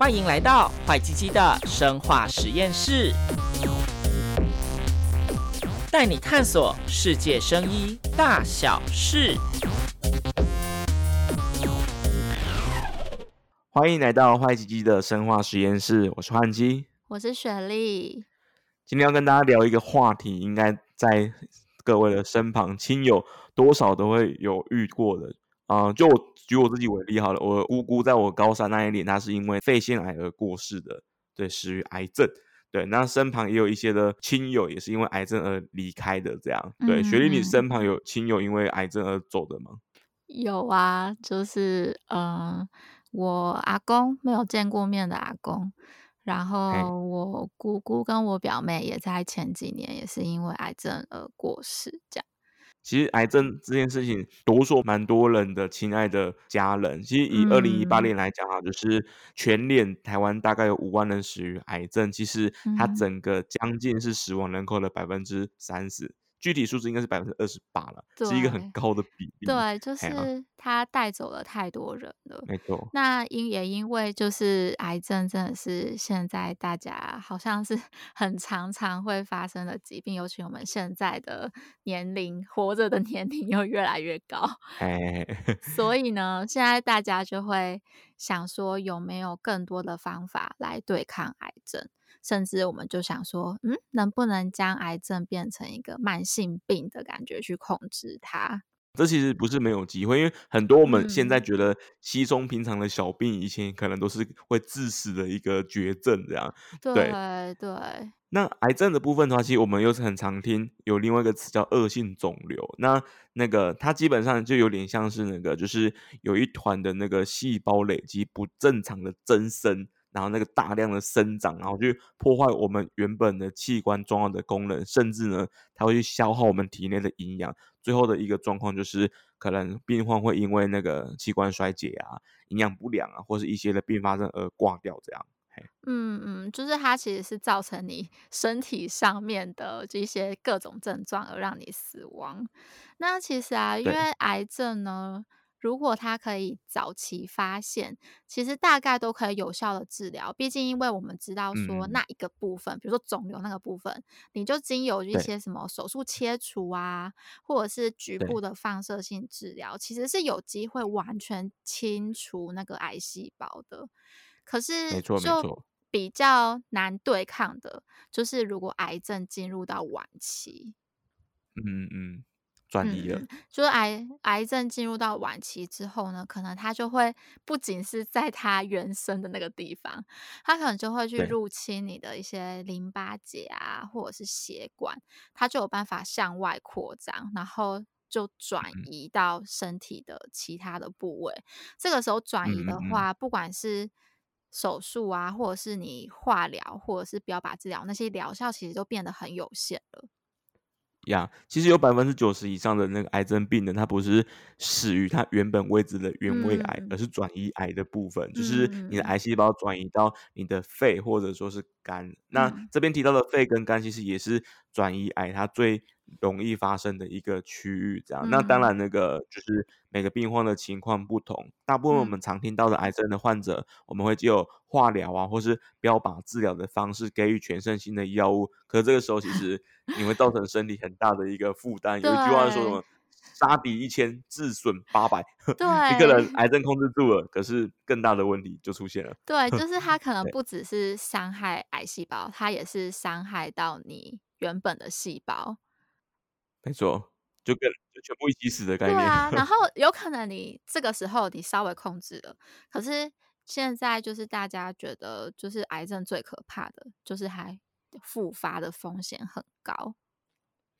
歡迎來到壞基基的生化實驗室，帶你探索世界生醫大小事。歡迎來到壞基基的生化實驗室，我是漢基，我是雪莉。今天要跟大家聊一個話題，應該在各位的身旁親友多少都會有遇過的。啊、呃，就我舉我自己為例好了。我姑姑在我高三那一年，她是因為肺腺癌而過世的，對，死於癌症。對，那身旁也有一些的親友也是因為癌症而離開的，這樣。對、嗯，雪莉，你身旁有親友因為癌症而走的嗎？有啊，就是嗯、呃，我阿公沒有見過面的阿公，然後我姑姑跟我表妹也在前幾年也是因為癌症而過世，這樣。其實癌症這件事情，都說蠻多人的，親愛的家人。其實以二零一八年來講啊、嗯，就是全年台灣大概有五萬人死於癌症，其實它整個將近是死亡人口的百分之三十。具體數字應該是百分之二十八了，是一個很高的比例。對，就是它帶走了太多人了。沒錯。那因也因為就是癌症真的是現在大家好像是很常常會發生的疾病，尤其我們現在的年齡，活着的年齡又越來越高。哎哎哎哎， 所以呢，現在大家就會想說，有沒有更多的方法來對抗癌症？甚至我們就想說，嗯，能不能將癌症變成一個慢性病的感覺去控制它？這其實不是沒有機會，因為很多我們現在覺得稀鬆平常的小病，以前可能都是會致死的一個絕症。這樣，對對，對。那癌症的部分的話，其實我們又是很常聽有另外一個詞叫惡性腫瘤。那那個它基本上就有點像是那個，就是有一團的那個細胞累積不正常的增生。然後那個大量的生長，然後去破壞我們原本的器官、重要的功能，甚至呢，它會去消耗我們體內的營養。最後的一個狀況就是，可能病患會因為那個器官衰竭啊、營養不良啊，或是一些的併發症而掛掉。這樣。嗯嗯，就是它其實是造成你身體上面的這些各種症狀而讓你死亡。那其實啊，因為癌症呢。如果他可以早期發現，其實大概都可以有效的治療。畢竟，因為我們知道說、嗯、那一個部分，比如說腫瘤那個部分，你就經由一些什麼手術切除啊，或者是局部的放射性治療，其實是有機會完全清除那個癌細胞的。可是，沒錯沒錯，就比較難對抗的就是如果癌症進入到晚期。嗯嗯。轉移了，就是癌癌症進入到晚期之後呢，可能它就會不僅是在它原生的那個地方，它可能就會去入侵你的一些淋巴結啊，或者是血管，它就有辦法向外擴張，然後就轉移到身體的其他的部位。嗯、這個時候轉移的話，不管是手術啊，嗯嗯，或者是你化療，或者是標靶治療，那些療效其實都變得很有限了。呀、yeah，其實有百分之九十以上的那個癌症病人，他不是死於他原本位置的原位癌、嗯，而是轉移癌的部分。就是你的癌細胞轉移到你的肺，或者說是肝。那、嗯、這邊提到的肺跟肝，其實也是。轉移癌，它最容易發生的一個區域，這樣、嗯。那當然，那個就是每個病患的情況不同。大部分我們常聽到的癌症的患者，嗯、我們會就化療啊，或是標靶治療的方式給予全身性的藥物。可是這個時候，其實你會造成身體很大的一個負擔。 有一句話說什麼：殺敵一千，自損八百。 對， 一個人癌症控制住了，可是更大的問題就出現了。 對，就是它可能不只是傷害癌細胞，它也是傷害到你。原本的細胞，沒錯，就跟就全部一起死的概念。對啊，然後有可能你這個時候你稍微控制了， 可是現在就是大家覺得，就是癌症最可怕的，就是還復發的風險很高。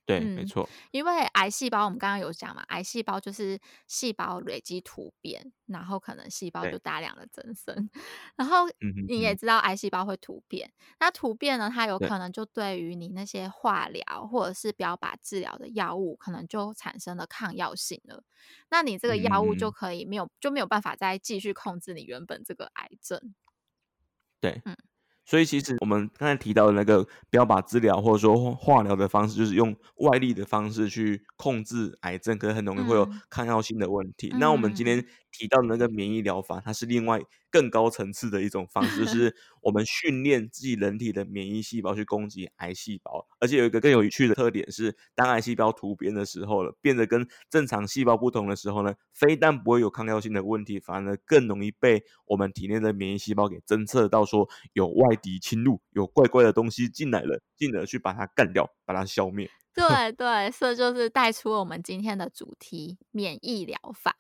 對、嗯，沒錯。因為癌細胞，我們剛剛有講嘛，癌細胞就是細胞累積突變，然後可能細胞就大量的增生。然後你也知道，癌細胞會突變，嗯嗯，那突變呢，它有可能就對於你那些化療或者是標靶治療的藥物，可能就產生了抗藥性了。那你這個藥物就可以沒有、嗯、就沒有辦法再繼續控制你原本這個癌症。對。嗯所以，其實我們剛才提到的那個，標靶治療或者說化療的方式，就是用外力的方式去控制癌症，可能很容易會有抗藥性的問題、嗯。那我們今天提到的那個免疫療法，它是另外，更高層次的一種方式，就是我們訓練自己人體的免疫細胞去攻擊癌細胞， 而且有一個更有趣的特點是，當癌細胞突變的時候了，變得跟正常細胞不同的時候呢，非但不會有抗藥性的問題，反而更容易被我們體內的免疫細胞給偵測到說，說有外敵侵入，有怪怪的東西進來了，進而去把它幹掉，把它消滅。對對，這就是帶出我們今天的主題——免疫療法。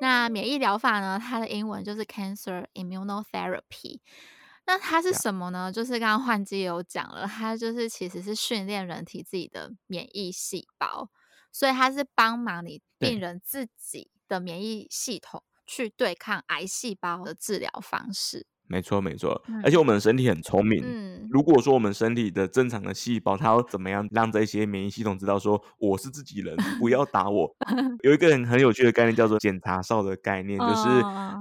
那免疫療法呢？它的英文就是 cancer immunotherapy。那它是什麼呢？Yeah. 就是剛剛壞基基有講了，它就是其實是訓練人體自己的免疫細胞，所以它是幫忙你病人自己的免疫系統去對抗癌細胞的治療方式。沒錯，沒錯，而且我們的身體很聰明。如果說我們身體的正常的細胞，它要怎麼樣讓這些免疫系統知道說我是自己人，不要打我？有一個很很有趣的概念叫做檢查哨的概念，就是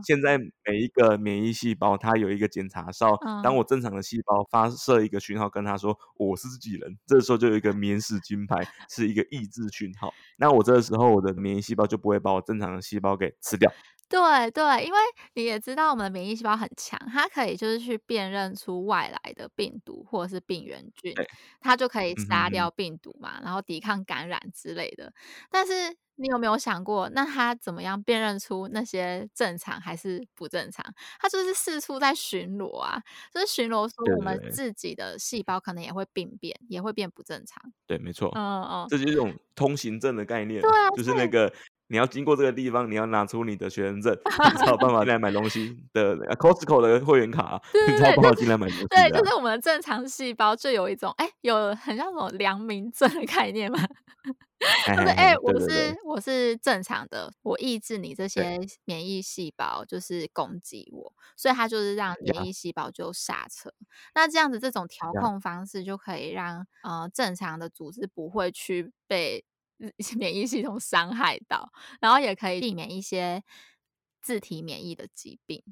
現在每一個免疫細胞它有一個檢查哨。當我正常的細胞發射一個訊號跟它說我是自己人，這時候就有一個免死金牌，是一個抑制訊號。那我這個時候我的免疫細胞就不會把我正常的細胞給吃掉。對對，因為你也知道我們的免疫細胞很強，它可以就是去辨認出外來的病毒或者是病原菌，它就可以殺掉病毒嘛、嗯，然後抵抗感染之類的。但是你有沒有想過，那它怎麼樣辨認出那些正常還是不正常？它就是四處在巡邏啊，就是巡邏說我們自己的細胞可能也會病變，對對也會變不正常。對，沒錯。嗯，哦、嗯嗯，這就是一種通行證的概念。對啊，對就是那個。你要經過這個地方，你要拿出你的學生證，你才有辦法來買東西 的、啊。Costco 的會員卡、啊，才 有辦法進來買東西、啊就是。對，就是我們的正常細胞就有一種哎、欸，有很像什麼良民證的概念嗎？就 是哎、欸，我是對對對我是正常的，我抑制你這些免疫細胞就是攻擊我，所以它就是讓免疫細胞就剎車、嗯。那這樣子，這種調控方式就可以讓、嗯、呃正常的組織不會去被。免疫系統傷害到，然後也可以避免一些自體免疫的疾病。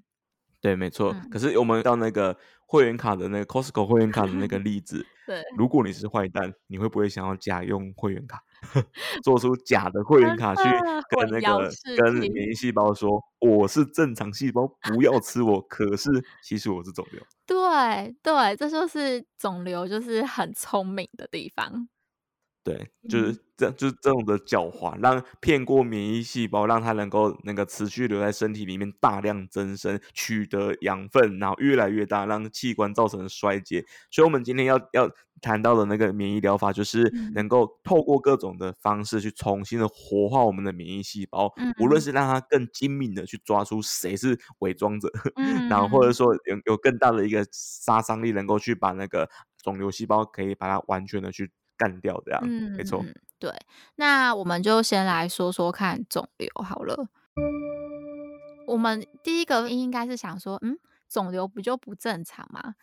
對，沒錯。嗯，可是我們到那個會員卡的那個 Costco 會員卡的那個例子， 對，如果你是壞蛋，你會不會想要假用會員卡， 做出假的會員卡去跟那個跟免疫細胞說我是正常細胞，不要吃我。 可是其實我是腫瘤。對對，這就是腫瘤就是很聰明的地方。對，就是、嗯、這就是這種的狡猾，讓騙過免疫細胞，讓它能夠那個持續留在身體裡面，大量增生，取得養分，然後越來越大，讓器官造成衰竭。所以，我們今天要要談到的那個免疫療法，就是能夠透過各種的方式去重新的活化我們的免疫細胞，無、嗯、論是讓它更精明的去抓出誰是偽裝者、嗯，然後或者說有，有更大的一個殺傷力，能夠去把那個腫瘤細胞可以把它完全的去幹掉這樣，嗯，沒錯，對。那我們就先來說說看腫瘤好了。我們第一個應應該是想說，嗯，腫瘤不就不正常嗎？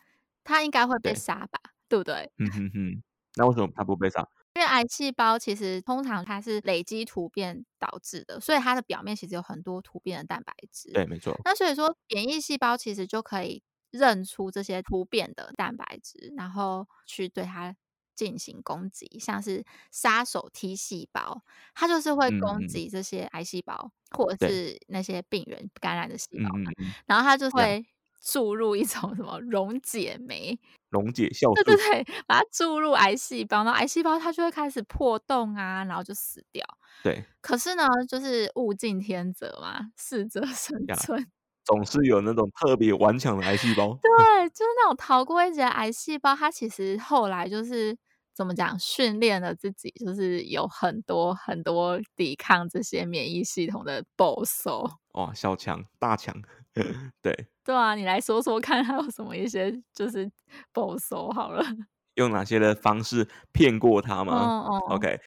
它應該會被殺吧對，對不對？嗯哼哼，那為什麼它不被殺？因為癌細胞其實通常它是累積突變導致的，所以它的表面其實有很多突變的蛋白質。對，沒錯。那所以說，免疫細胞其實就可以認出這些突變的蛋白質，然後去對它，進行攻擊，像是殺手 T 細胞，它就是會攻擊這些癌細胞、嗯、或者是那些病人感染的細胞，然後它就、嗯嗯嗯、就會注入一種什麼溶解酶，溶解效果，就是、對對把它注入癌細胞，然後癌細胞它就會開始破洞啊，然後就死掉。對，可是呢，就是物競天擇嘛，適者生存。嗯嗯總是有那種特別頑強的癌細胞， 對，就是那種逃過一劫的癌細胞，它其實後來就是怎麼講，訓練了自己，就是有很多很多抵抗這些免疫系統的暴守。哇、哦，小強，大強， 對，對啊，你來說說看，還有什麼一些就是暴守好了，用哪些的方式騙過它嗎？哦、嗯、哦、嗯、OK。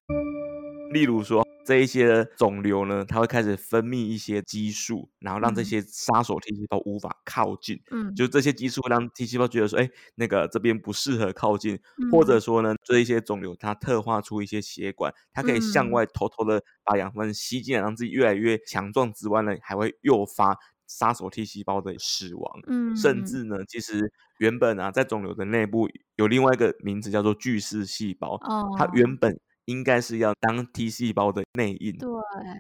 例如說，這一些腫瘤呢，它會開始分泌一些激素，然後讓這些殺手 T 細胞無法靠近。嗯，就這些激素會讓 T 細胞覺得說，哎，那個這邊不適合靠近，嗯。或者說呢，這一些腫瘤它特化出一些血管，它可以向外偷偷的把養分吸進來，讓自己越來越強壯之外呢，還會誘發殺手 T 細胞的死亡。嗯，甚至呢，其實原本啊，在腫瘤的內部有另外一個名字叫做巨噬細胞。哦，它原本。應該是要當 T 細胞的內應，對，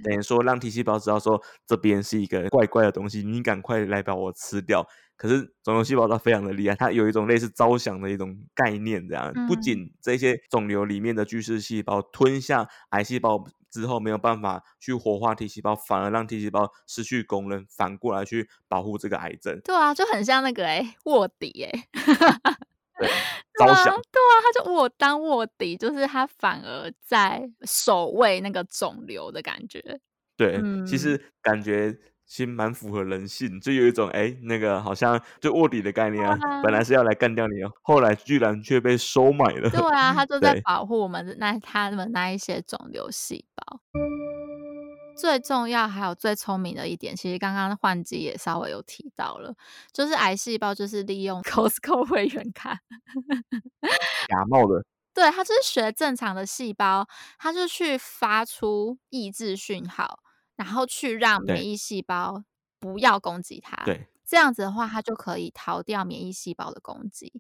等於說讓 T 細胞知道說這邊是一個怪怪的東西，你趕快來把我吃掉。可是腫瘤細胞它非常的厲害，它有一種類似招降的一種概念，這樣、嗯、不僅這些腫瘤裡面的巨噬細胞吞下癌細胞之後沒有辦法去活化 T 細胞，反而讓 T 細胞失去功能，反過來去保護這個癌症。對啊，就很像那個哎臥底哎。 着、嗯、對啊，他就我當臥底，就是他反而在守衛那個腫瘤的感覺。對，嗯、其實感覺其實蠻符合人性，就有一種哎、欸，那個好像就臥底的概念啊，本來是要來幹掉你，哦，後來居然卻被收買了。對啊，他就在保護我們的那，那他們那一些腫瘤細胞。最重要，還有最聰明的一點，其實剛剛換機也稍微有提到了，就是癌細胞就是利用 Costco 會員卡假冒 的，對，它就是學正常的細胞，它就去發出抑制訊號，然後去讓免疫細胞不要攻擊它，對，這樣子的話，它就可以逃掉免疫細胞的攻擊。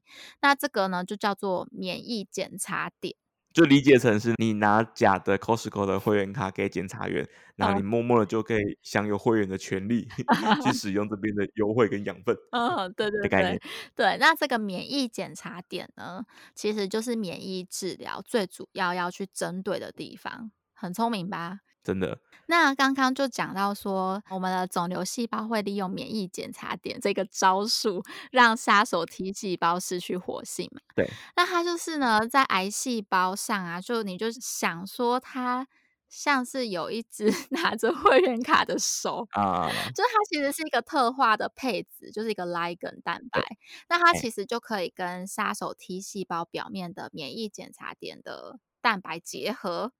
那這個呢，就叫做免疫檢查點。就理解成是你拿假的 Costco 的會員卡給檢查員。嗯、然後你默默的就可以享有會員的權利、嗯， 去使用這邊的優惠跟養分、哦。對，對對。的概念，對。那這個免疫檢查點呢，其實就是免疫治療最主要要去針對的地方，很聰明吧？真的，那剛剛就講到說，我們的腫瘤細胞會利用免疫檢查點這個招數，讓殺手 T 細胞失去活性嘛？對。那它就是呢，在癌細胞上啊，就你就想說，它像是有一隻拿着會員卡的手啊，就它其實是一個特化的配置，就是一個 ligand 蛋白。那它其實就可以跟殺手 T 細胞表面的免疫檢查點的蛋白結合，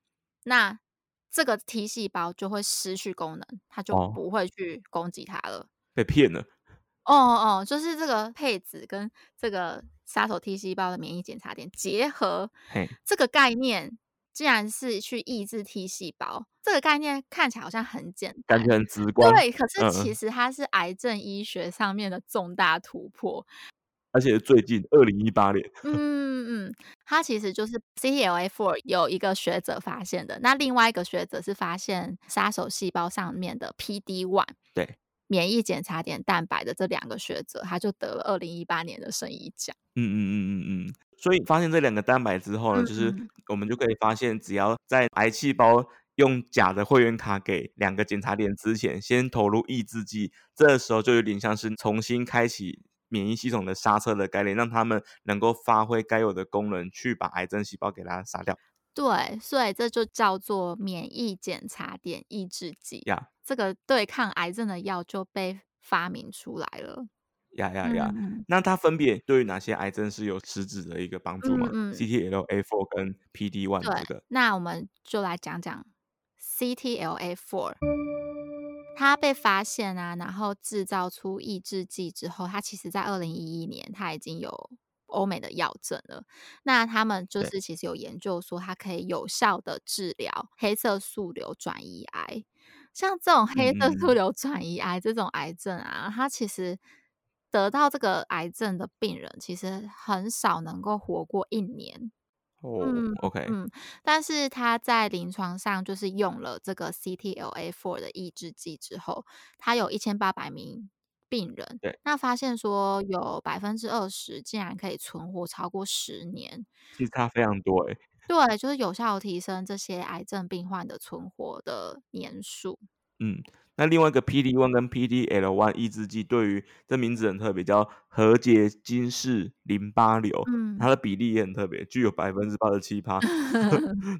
那。這個 T 細胞就會失去功能，它就不會去攻擊它了。被騙了。哦了哦，哦，就是這個配子跟這個殺手 T 細胞的免疫檢查點結合嘿，這個概念，既然是去抑制 T 細胞，這個概念看起來好像很簡單，感覺很直觀。對，可是其實它是癌症醫學上面的重大突破。而且最近二零一八年，嗯嗯。它其實就是 CTLA4 有一個學者發現的，那另外一個學者是發現殺手細胞上面的 PD1，對，免疫檢查點蛋白的這兩個學者，他就得了二零一八年的生醫獎。嗯嗯嗯嗯嗯。所以發現這兩個蛋白之後呢，嗯、就是我們就可以發現，只要在癌細胞用假的會員卡給兩個檢查點之前，先投入抑制劑，這時候就有點像是重新開啟。免疫系統的剎車的概念，讓他們能夠發揮該有的功能，去把癌症細胞給它殺掉。對，所以這就叫做免疫檢查點抑制劑。呀、yeah.，這個對抗癌症的藥就被發明出來了。呀呀呀！那它分別對於哪些癌症是有實質的一個幫助嗎、嗯嗯、？CTLA-4 跟 PD-1 這個對。那我們就來講講 CTLA-4 他被發現啊，然後製造出抑制劑之後，他其實在二零一一年，他已經有歐美的藥證了。那他們就是其實有研究說，它可以有效的治療黑色素瘤轉移癌。像這種黑色素瘤轉移癌，嗯嗯，這種癌症啊，它其實得到這個癌症的病人，其實很少能夠活過一年。哦、嗯 oh,，OK，嗯，但是他在臨床上就是用了這個 CTLA4 的抑制劑之後，他有一千八百名病人，對，那發現說有百分之二十竟然可以存活超過十年，相差非常多誒、欸，對，就是有效提升這些癌症病患的存活的年數，嗯。那另外一個 PD1 跟 PDL1 抑制劑，對於這名字很特別，叫何杰金氏淋巴瘤，它的比例也很特別，具有百分之八十七趴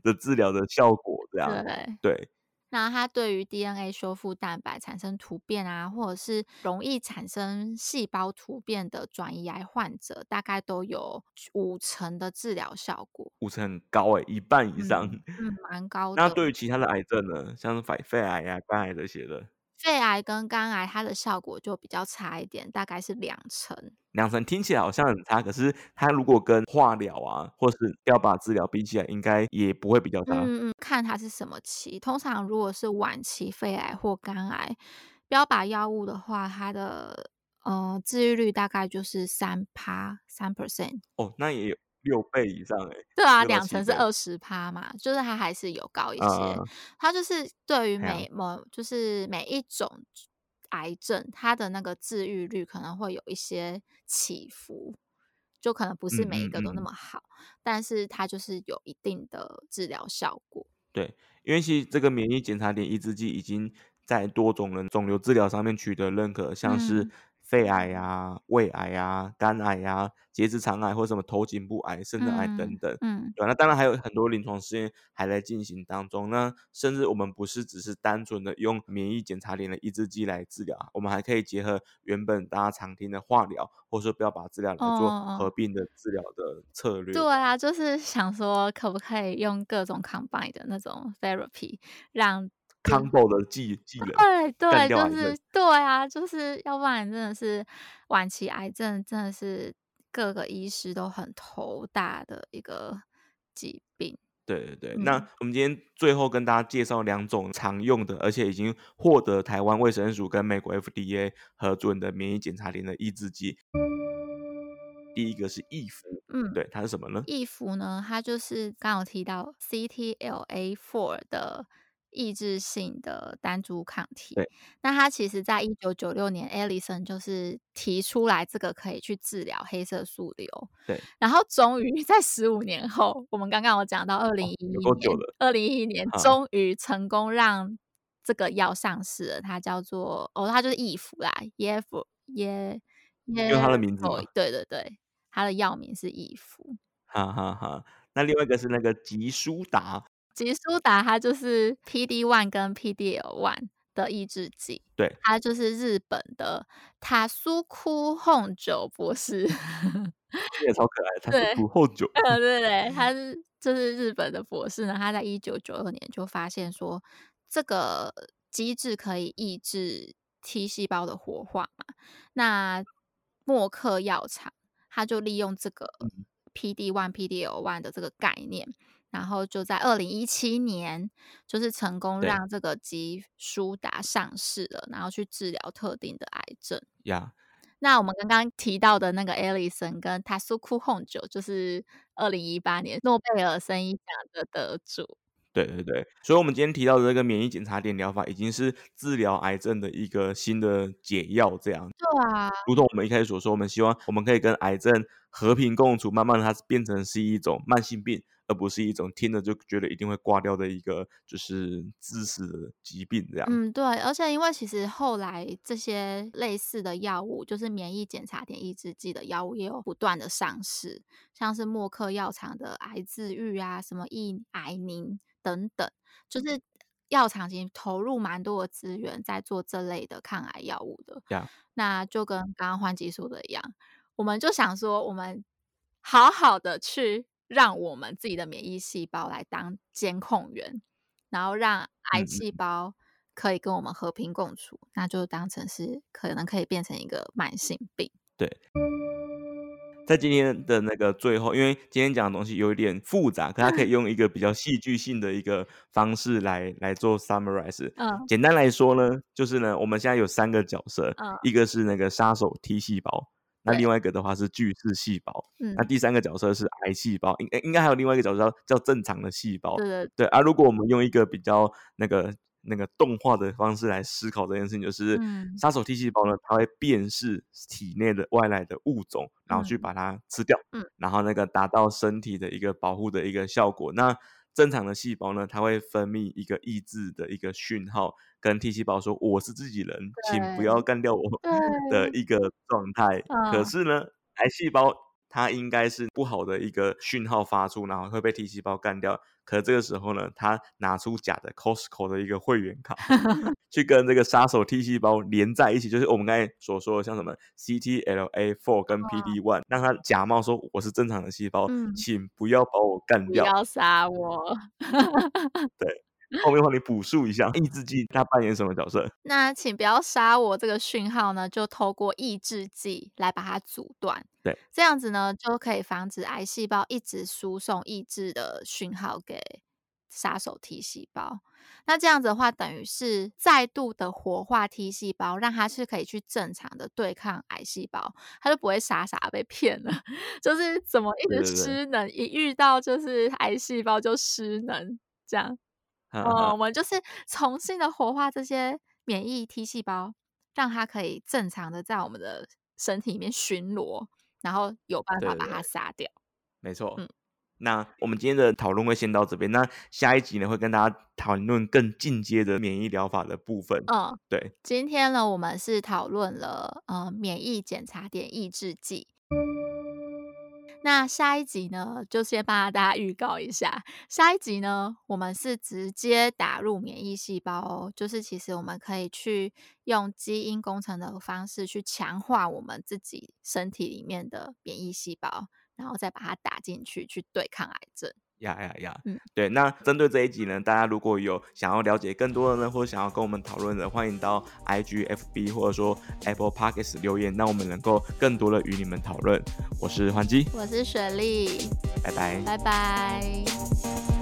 的治療的效果，這樣對。對那它對於 DNA 修復蛋白產生突變啊，或者是容易產生細胞突變的轉移癌患者，大概都有五成的治療效果。五成很高誒，一半以上，嗯，蠻高的。那對於其他的癌症呢，像是肺癌呀、肝癌這些的。肺癌跟肝癌，它的效果就比較差一點，大概是兩成。兩成聽起來好像很差，可是它如果跟化療啊，或是標靶治療比起來，應該也不會比較大。嗯嗯，看它是什麼期，通常如果是晚期肺癌或肝癌，標靶藥物的話，它的呃治癒率大概就是三趴三 percent。哦，那也有。六倍以上誒、欸，對啊，兩成是二十趴嘛，就是它還是有高一些。呃、它就是對於每、哎、某，就是每一種癌症，它的那個治癒率可能會有一些起伏，就可能不是每一個都那麼好，嗯嗯、但是它就是有一定的治療效果。對，因為其實這個免疫檢查點抑制劑已經在多種人腫瘤治療上面取得認可，嗯、像是。肺癌呀、啊、胃癌呀、啊、肝癌呀、啊、結直腸癌或者什麼頭頸部癌、腎臟癌等等嗯，嗯，對，那當然還有很多臨床試驗還在進行當中呢。甚至我們不是只是單純的用免疫檢查點的抑制劑來治療，我們還可以結合原本大家常聽的化療，或者說不要把治療來做合併的治療的策略，哦。對啊，就是想說可不可以用各種 combine 的那種 therapy 讓。c o 的技技能。對對，就是對啊，就是要不然真的是晚期癌症，真的是各個醫師都很頭大的一個疾病。對對對，嗯、那我們今天最後跟大家介紹兩種常用的，而且已經獲得台灣衛生署跟美國 FDA 核准的免疫檢查點的抑制劑、嗯。第一個是易福，嗯，對，它是什麼呢？易福呢，它就是剛剛有提到 CTLA-4 的。抑制性的單株抗體。對。那它其實在一九九六年，Allison 就是提出來這個可以去治療黑色素瘤。對。然後終於在十五年後，我們剛剛有講到二零一一年，二零一一年終於成功讓這個藥上市了。啊、它叫做哦，它就是易福啦耶夫耶耶。Yeah for, yeah, yeah, 用它的名字、哦。對對對，它的藥名是易福。哈哈哈。那另外一個是那個吉舒達。吉舒達，它就是 P D one 跟 P D L one 的抑制劑。對，它就是日本的塔蘇庫本庶佑博士， 也超可愛。他是不對，本庶佑，嗯，對對，他是就是日本的博士呢。他在一九九二年就發現說，這個機制可以抑制 T 細胞的活化嘛。那默克藥廠，他就利用這個 P D one、嗯、P D L one 的這個概念。然後就在二零一七年，就是成功讓這個吉舒達上市了，然後去治療特定的癌症。呀、yeah.，那我們剛剛提到的那個艾利森跟 Tasuku Honjo，就是二零一八年諾貝爾生醫獎的得主。對對對，所以我們今天提到的這個免疫檢查點療法，已經是治療癌症的一個新的解藥。這樣，對啊，如同我們一開始所說，我們希望我們可以跟癌症。和平共處，慢慢它變成是一種慢性病，而不是一種聽着就覺得一定會掛掉的一個就是致死的疾病這樣。嗯，對，而且因為其實後來這些類似的藥物，就是免疫檢查點抑制劑的藥物也有不斷的上市，像是默克藥廠的癌治癒啊，什麼抑癌凝，等等，就是藥廠已經投入蠻多的資源在做這類的抗癌藥物的。呀、嗯，那就跟剛剛換激素的一樣。我們就想說，我們好好的去讓我們自己的免疫細胞來當監控員，然後讓癌細胞可以跟我們和平共處、嗯，那就當成是可能可以變成一個慢性病。對，在今天的那個最後，因為今天講的東西有一點複雜，可它可以用一個比較戲劇性的一個方式來、嗯、來做 summarize。嗯，簡單來說呢，就是呢，我們現在有三個角色，嗯、一個是那個殺手 T 細胞。那另外一個的話是巨噬細胞、嗯，那第三個角色是癌細胞，應應該還有另外一個角色叫，叫正常的細胞。對對對。啊，如果我們用一個比較那個那個動畫的方式來思考這件事情，就是嗯、殺手 T 細胞呢，它會辨識體內的外來的物種，然後去把它吃掉，嗯、然後那個達到身體的一個保護的一個效果。那正常的細胞呢，它會分泌一個抑制的一個訊號，跟 T 細胞說：“我是自己人，請不要幹掉我”的一個狀態。可是呢，癌、啊、細胞。它應該是不好的一個訊號發出，然後會被 T 細胞幹掉。可這個時候呢，他拿出假的 Costco 的一個會員卡， 去跟這個殺手 T 細胞連在一起，就是我們剛才所說的像什麼 CTLA4 跟 PD1，讓他假冒說我是正常的細胞，嗯，請不要把我幹掉，不要殺我。 對。後面話你補述一下，抑制劑它扮演什麼角色？ 那請不要殺我這個訊號呢，就透過抑制劑來把它阻斷。對，這樣子呢就可以防止癌細胞一直輸送抑制的訊號給殺手 T 細胞。那這樣子的話，等於是再度的活化 T 細胞，讓它是可以去正常的對抗癌細胞，它就不會傻傻的被騙了。就是怎麼一直失能，對對對，一遇到就是癌細胞就失能這樣。嗯，我們就是重新的活化這些免疫 T 細胞，讓它可以正常的在我們的身體裡面巡邏，然後有辦法把它殺掉。對對對，沒錯，嗯，那我們今天的討論會先到這邊，那下一集呢會跟大家討論更進階的免疫療法的部分。嗯，對，今天呢我們是討論了呃、嗯、免疫檢查點抑制劑。那下一集呢，就先幫大家預告一下。下一集呢，我們是直接打入免疫細胞哦，就是其實我們可以去用基因工程的方式去強化我們自己身體裡面的免疫細胞，然後再把它打進去，去對抗癌症。呀呀呀！嗯，對，那針對這一集呢，大家如果有想要了解更多的呢，或者想要跟我們討論的，歡迎到 IG FB 或者說 Apple Podcasts 留言，讓我們能夠更多的與你們討論。我是歡基，我是雪莉，拜拜，拜拜。拜拜。